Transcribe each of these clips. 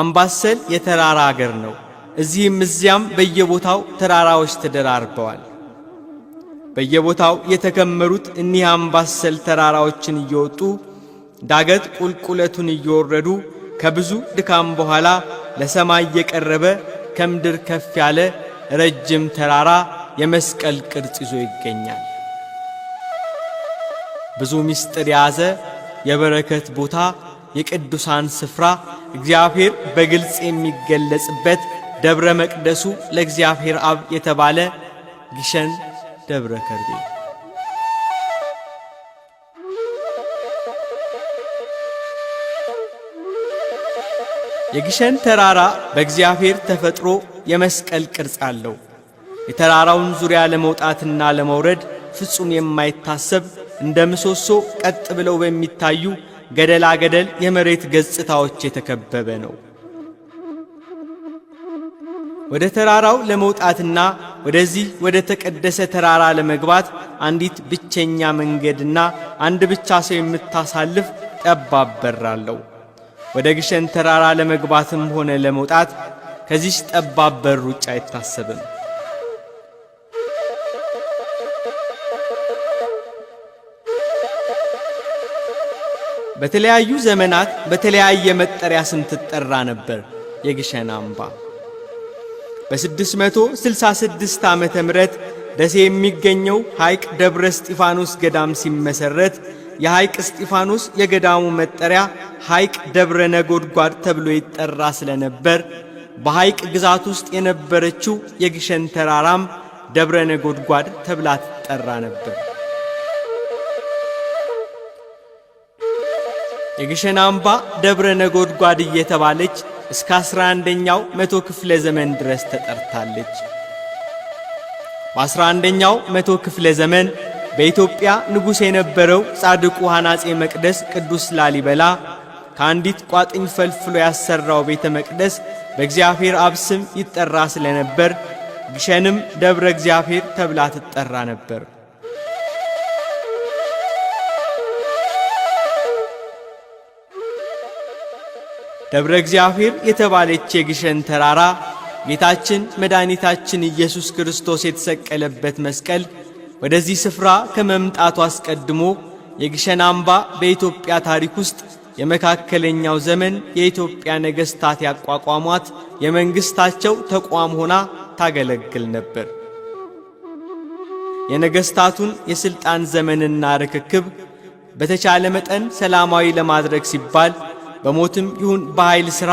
አምባሰል የተራራ አገር ነው። እዚህም እዚያም በየቦታው ተራራዎች ተደራርበዋል። በየቦታው የተከመሩት እኒህ አምባሰል ተራራዎችን እየወጡ ዳገት ቁልቁለቱን እየወረዱ ከብዙ ድካም በኋላ ለሰማይ የቀረበ ከምድር ከፍ ያለ ረጅም ተራራ የመስቀል ቅርጽ ይዞ ይገኛል። ብዙ ምስጢር የያዘ የበረከት ቦታ፣ የቅዱሳን ስፍራ እግዚአብሔር በግልጽ የሚገለጽበት ደብረ መቅደሱ ለእግዚአብሔር አብ የተባለ ግሸን ደብረ ከርቤ የግሸን ተራራ በእግዚአብሔር ተፈጥሮ የመስቀል ቅርጽ አለው። የተራራውን ዙሪያ ለመውጣትና ለመውረድ ፍጹም የማይታሰብ እንደ ምሰሶ ቀጥ ብለው በሚታዩ ገደላ ገደል የመሬት ገጽታዎች የተከበበ ነው። ወደ ተራራው ለመውጣትና ወደዚህ ወደ ተቀደሰ ተራራ ለመግባት አንዲት ብቸኛ መንገድና አንድ ብቻ ሰው የምታሳልፍ ጠባብ በር አለው። ወደ ግሸን ተራራ ለመግባትም ሆነ ለመውጣት ከዚች ጠባብ በር ውጭ አይታሰብም። በተለያዩ ዘመናት በተለያየ መጠሪያ ስም ትጠራ ነበር። የግሸን አምባ በ666 ዓመተ ምህረት ደሴ የሚገኘው ሐይቅ ደብረ እስጢፋኖስ ገዳም ሲመሰረት የሐይቅ እስጢፋኖስ የገዳሙ መጠሪያ ሐይቅ ደብረ ነጎድጓድ ተብሎ ይጠራ ስለነበር በሐይቅ ግዛት ውስጥ የነበረችው የግሸን ተራራም ደብረ ነጎድጓድ ተብላ ትጠራ ነበር። የግሸን አምባ ደብረ ነጎድጓድ እየተባለች እስከ አስራ አንደኛው መቶ ክፍለ ዘመን ድረስ ተጠርታለች። በአስራ አንደኛው መቶ ክፍለ ዘመን በኢትዮጵያ ንጉሥ የነበረው ጻድቁ ሐናጼ መቅደስ ቅዱስ ላሊበላ ከአንዲት ቋጥኝ ፈልፍሎ ያሰራው ቤተ መቅደስ በእግዚአብሔር አብ ስም ይጠራ ስለነበር ግሸንም ደብረ እግዚአብሔር ተብላ ትጠራ ነበር። ደብረ እግዚአብሔር የተባለች የግሸን ተራራ ጌታችን መድኃኒታችን ኢየሱስ ክርስቶስ የተሰቀለበት መስቀል ወደዚህ ስፍራ ከመምጣቱ አስቀድሞ የግሸን አምባ በኢትዮጵያ ታሪክ ውስጥ የመካከለኛው ዘመን የኢትዮጵያ ነገሥታት ያቋቋሟት የመንግሥታቸው ተቋም ሆና ታገለግል ነበር። የነገሥታቱን የሥልጣን ዘመንና ርክክብ በተቻለ መጠን ሰላማዊ ለማድረግ ሲባል በሞትም ይሁን በኃይል ሥራ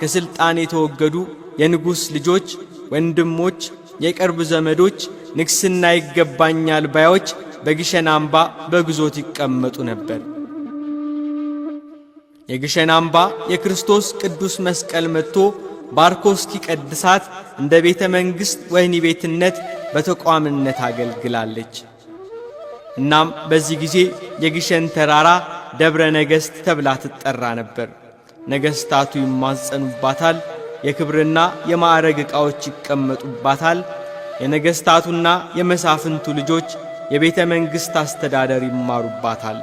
ከሥልጣን የተወገዱ የንጉሥ ልጆች፣ ወንድሞች፣ የቅርብ ዘመዶች፣ ንግሥና ይገባኛል ባዮች በግሸን አምባ በግዞት ይቀመጡ ነበር። የግሸን አምባ የክርስቶስ ቅዱስ መስቀል መጥቶ ባርኮ እስኪቀድሳት እንደ ቤተ መንግሥት ወህኒ ቤትነት በተቋምነት አገልግላለች። እናም በዚህ ጊዜ የግሸን ተራራ ደብረ ነገሥት ተብላ ትጠራ ነበር። ነገሥታቱ ይማጸኑባታል። የክብርና የማዕረግ ዕቃዎች ይቀመጡባታል። የነገሥታቱና የመሳፍንቱ ልጆች የቤተ መንግሥት አስተዳደር ይማሩባታል።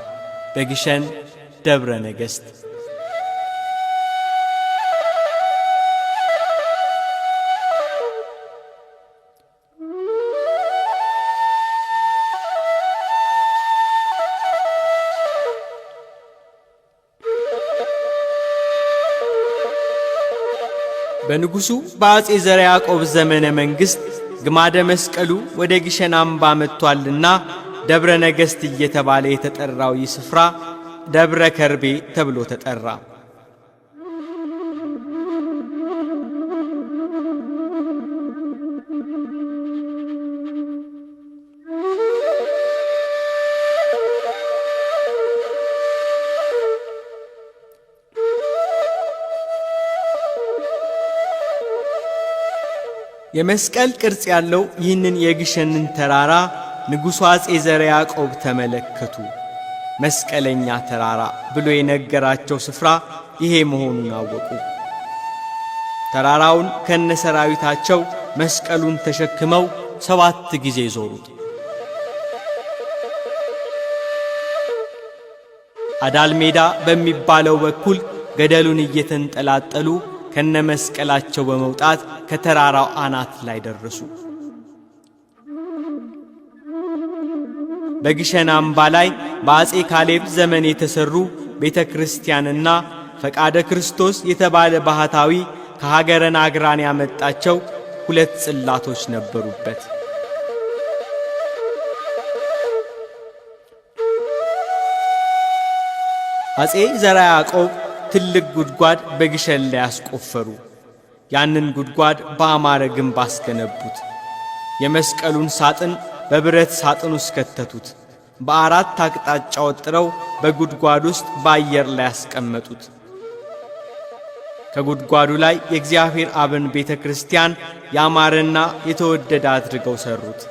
በግሸን ደብረ ነገሥት በንጉሡ በአጼ ዘር ያዕቆብ ዘመነ መንግሥት ግማደ መስቀሉ ወደ ግሸን አምባ መጥቷልና ደብረ ነገሥት እየተባለ የተጠራው ይህ ስፍራ ደብረ ከርቤ ተብሎ ተጠራ። የመስቀል ቅርጽ ያለው ይህንን የግሸንን ተራራ ንጉሡ አጼ ዘረ ያዕቆብ ተመለከቱ። መስቀለኛ ተራራ ብሎ የነገራቸው ስፍራ ይሄ መሆኑን አወቁ። ተራራውን ከነሰራዊታቸው መስቀሉን ተሸክመው ሰባት ጊዜ ዞሩት። አዳል ሜዳ በሚባለው በኩል ገደሉን እየተንጠላጠሉ ከነመስቀላቸው በመውጣት ከተራራው አናት ላይ ደረሱ። በግሸን አምባ ላይ በአጼ ካሌብ ዘመን የተሰሩ ቤተ ክርስቲያንና ፈቃደ ክርስቶስ የተባለ ባህታዊ ከሀገረ ናግራን ያመጣቸው ሁለት ጽላቶች ነበሩበት። አጼ ዘራ ያዕቆብ ትልቅ ጉድጓድ በግሸን ላይ አስቆፈሩ። ያንን ጉድጓድ በአማረ ግንብ አስገነቡት። የመስቀሉን ሳጥን በብረት ሳጥን ውስጥ ከተቱት። በአራት አቅጣጫ ወጥረው በጉድጓድ ውስጥ በአየር ላይ አስቀመጡት። ከጉድጓዱ ላይ የእግዚአብሔር አብን ቤተ ክርስቲያን ያማረና የተወደደ አድርገው ሰሩት።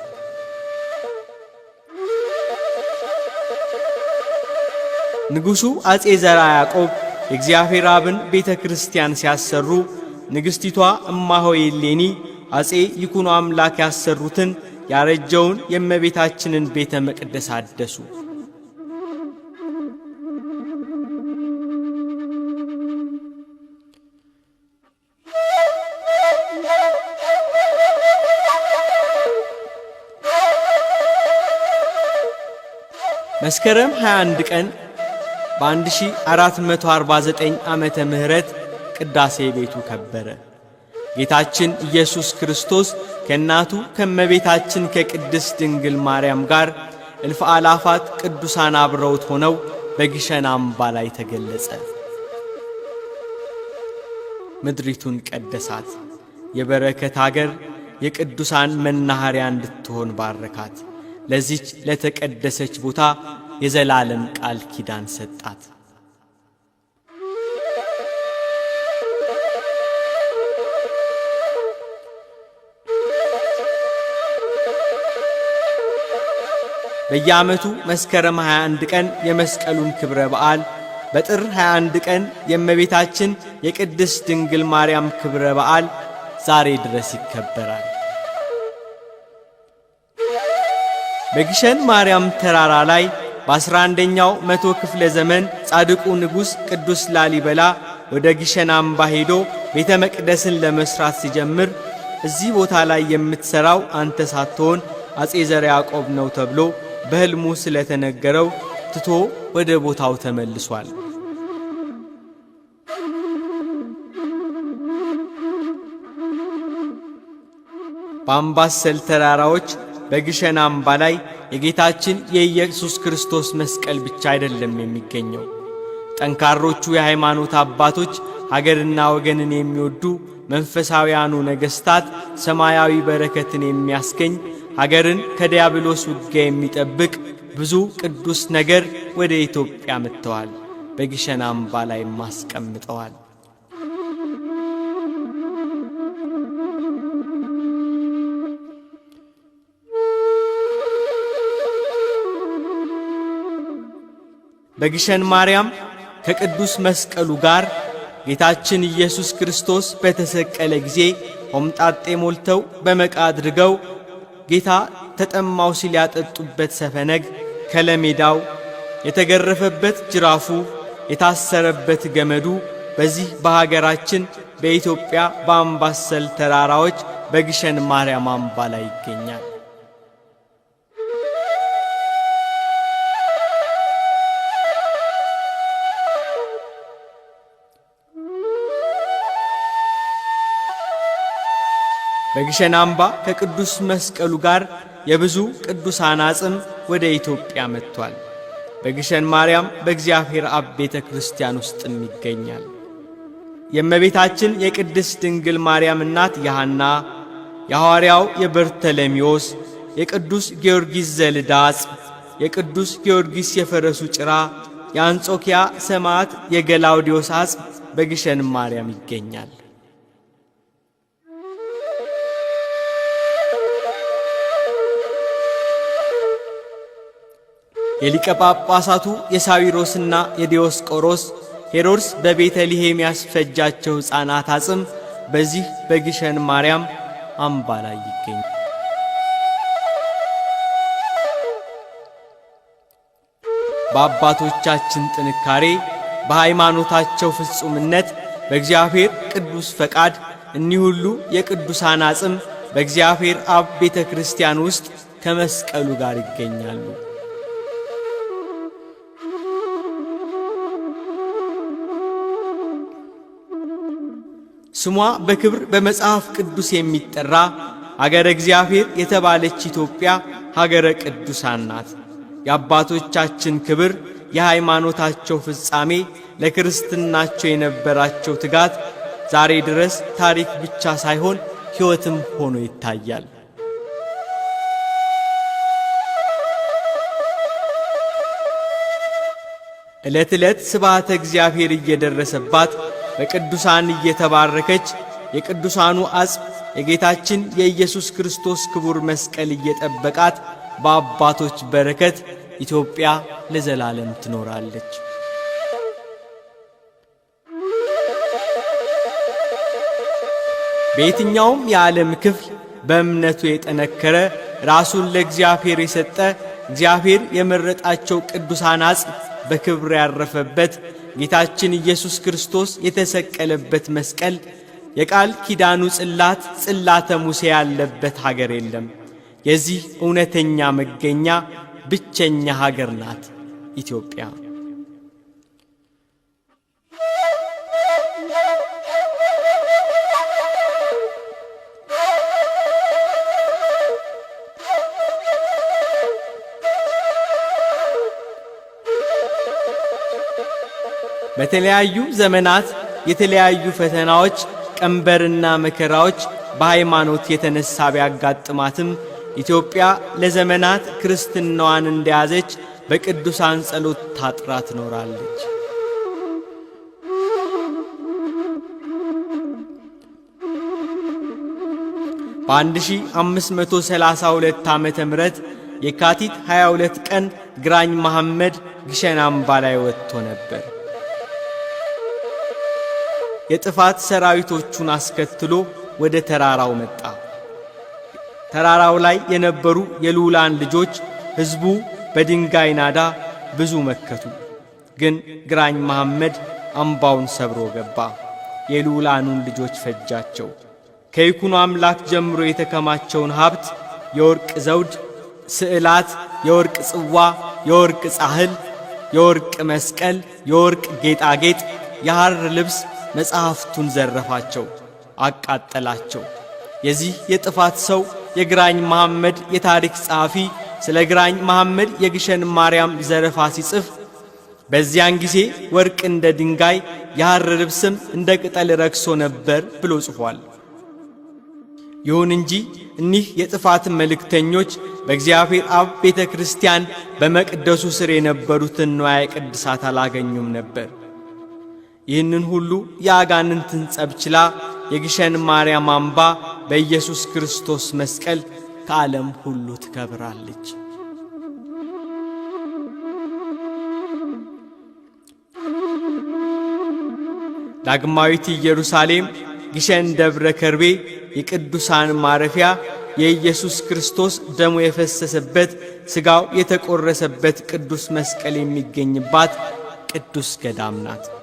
ንጉሡ አፄ ዘርዓ ያዕቆብ የእግዚአብሔር አብን ቤተ ክርስቲያን ሲያሰሩ ንግሥቲቷ እማሆይ ሌኒ አጼ ይኩኖ አምላክ ያሰሩትን ያረጀውን የእመቤታችንን ቤተ መቅደስ አደሱ። መስከረም 21 ቀን በ1449 ዓመተ ምህረት ቅዳሴ ቤቱ ከበረ። ጌታችን ኢየሱስ ክርስቶስ ከእናቱ ከመቤታችን ከቅድስ ድንግል ማርያም ጋር እልፍ አላፋት ቅዱሳን አብረውት ሆነው በግሸን አምባ ላይ ተገለጸ። ምድሪቱን ቀደሳት። የበረከት አገር የቅዱሳን መናኸሪያ እንድትሆን ባረካት። ለዚች ለተቀደሰች ቦታ የዘላለም ቃል ኪዳን ሰጣት። በየዓመቱ መስከረም 21 ቀን የመስቀሉን ክብረ በዓል በጥር 21 ቀን የእመቤታችን የቅድስት ድንግል ማርያም ክብረ በዓል ዛሬ ድረስ ይከበራል። በግሸን ማርያም ተራራ ላይ በ11ኛው መቶ ክፍለ ዘመን ጻድቁ ንጉሥ ቅዱስ ላሊበላ ወደ ግሸን አምባ ሄዶ ቤተ መቅደስን ለመስራት ሲጀምር እዚህ ቦታ ላይ የምትሰራው አንተ ሳትሆን አጼ ዘር ያዕቆብ ነው ተብሎ በሕልሙ ስለተነገረው ትቶ ወደ ቦታው ተመልሷል። በአምባሰል ተራራዎች በግሸን አምባ ላይ የጌታችን የኢየሱስ ክርስቶስ መስቀል ብቻ አይደለም የሚገኘው። ጠንካሮቹ የሃይማኖት አባቶች፣ ሀገርና ወገንን የሚወዱ መንፈሳውያኑ ነገሥታት ሰማያዊ በረከትን የሚያስገኝ ሀገርን ከዲያብሎስ ውጊያ የሚጠብቅ ብዙ ቅዱስ ነገር ወደ ኢትዮጵያ መጥተዋል። በግሸን አምባ ላይም አስቀምጠዋል። በግሸን ማርያም ከቅዱስ መስቀሉ ጋር ጌታችን ኢየሱስ ክርስቶስ በተሰቀለ ጊዜ ሆምጣጤ ሞልተው በመቃ አድርገው ጌታ ተጠማው ሲል ያጠጡበት ሰፈነግ ከለሜዳው የተገረፈበት ጅራፉ የታሰረበት ገመዱ በዚህ በሀገራችን በኢትዮጵያ በአምባሰል ተራራዎች በግሸን ማርያም አምባ ላይ ይገኛል። በግሸን አምባ ከቅዱስ መስቀሉ ጋር የብዙ ቅዱሳን አጽም ወደ ኢትዮጵያ መጥቷል። በግሸን ማርያም በእግዚአብሔር አብ ቤተ ክርስቲያን ውስጥም ይገኛል። የእመቤታችን የቅድስት ድንግል ማርያም እናት የሐና፣ የሐዋርያው የበርተለሚዎስ፣ የቅዱስ ጊዮርጊስ ዘልዳጽ፣ የቅዱስ ጊዮርጊስ የፈረሱ ጭራ፣ የአንጾኪያ ሰማዕት የገላውዲዮስ አጽም በግሸን ማርያም ይገኛል። የሊቀ ጳጳሳቱ የሳዊሮስና የዲዮስቆሮስ ሄሮድስ በቤተልሔም ያስፈጃቸው ሕፃናት አጽም በዚህ በግሸን ማርያም አምባ ላይ ይገኛል። በአባቶቻችን ጥንካሬ በሃይማኖታቸው ፍጹምነት በእግዚአብሔር ቅዱስ ፈቃድ እኒህ ሁሉ የቅዱሳን አጽም በእግዚአብሔር አብ ቤተ ክርስቲያን ውስጥ ከመስቀሉ ጋር ይገኛሉ። ስሟ በክብር በመጽሐፍ ቅዱስ የሚጠራ ሀገረ እግዚአብሔር የተባለች ኢትዮጵያ ሀገረ ቅዱሳን ናት። የአባቶቻችን ክብር፣ የሃይማኖታቸው ፍጻሜ፣ ለክርስትናቸው የነበራቸው ትጋት ዛሬ ድረስ ታሪክ ብቻ ሳይሆን ሕይወትም ሆኖ ይታያል። ዕለት ዕለት ስብዓተ እግዚአብሔር እየደረሰባት በቅዱሳን እየተባረከች የቅዱሳኑ አጽም የጌታችን የኢየሱስ ክርስቶስ ክቡር መስቀል እየጠበቃት በአባቶች በረከት ኢትዮጵያ ለዘላለም ትኖራለች። በየትኛውም የዓለም ክፍል በእምነቱ የጠነከረ ራሱን ለእግዚአብሔር የሰጠ እግዚአብሔር የመረጣቸው ቅዱሳን አጽም በክብር ያረፈበት ጌታችን ኢየሱስ ክርስቶስ የተሰቀለበት መስቀል የቃል ኪዳኑ ጽላት ጽላተ ሙሴ ያለበት ሀገር የለም። የዚህ እውነተኛ መገኛ ብቸኛ ሀገር ናት ኢትዮጵያ። በተለያዩ ዘመናት የተለያዩ ፈተናዎች፣ ቀንበርና መከራዎች በሃይማኖት የተነሳ ቢያጋጥማትም ኢትዮጵያ ለዘመናት ክርስትናዋን እንደያዘች በቅዱሳን ጸሎት ታጥራ ትኖራለች። በ1532 ዓ ም የካቲት 22 ቀን ግራኝ መሐመድ ግሸን አምባ ላይ ወጥቶ ነበር። የጥፋት ሰራዊቶቹን አስከትሎ ወደ ተራራው መጣ። ተራራው ላይ የነበሩ የልዑላን ልጆች ሕዝቡ በድንጋይ ናዳ ብዙ መከቱ። ግን ግራኝ መሐመድ አምባውን ሰብሮ ገባ፣ የልዑላኑን ልጆች ፈጃቸው። ከይኩኑ አምላክ ጀምሮ የተከማቸውን ሀብት የወርቅ ዘውድ፣ ስዕላት፣ የወርቅ ጽዋ፣ የወርቅ ጻሕል፣ የወርቅ መስቀል፣ የወርቅ ጌጣጌጥ፣ የሐር ልብስ መጽሐፍቱን ዘረፋቸው፣ አቃጠላቸው። የዚህ የጥፋት ሰው የግራኝ መሐመድ የታሪክ ጸሐፊ ስለ ግራኝ መሐመድ የግሸን ማርያም ዘረፋ ሲጽፍ በዚያን ጊዜ ወርቅ እንደ ድንጋይ የሐር ልብስም እንደ ቅጠል ረክሶ ነበር ብሎ ጽፏል። ይሁን እንጂ እኒህ የጥፋት መልእክተኞች በእግዚአብሔር አብ ቤተ ክርስቲያን በመቅደሱ ስር የነበሩትን ንዋየ ቅድሳት አላገኙም ነበር። ይህንን ሁሉ የአጋንንትን ጸብ ችላ የግሸን ማርያም አምባ በኢየሱስ ክርስቶስ መስቀል ከዓለም ሁሉ ትከብራለች። ዳግማዊት ኢየሩሳሌም ግሸን ደብረ ከርቤ የቅዱሳን ማረፊያ የኢየሱስ ክርስቶስ ደሙ የፈሰሰበት ሥጋው የተቆረሰበት ቅዱስ መስቀል የሚገኝባት ቅዱስ ገዳም ናት።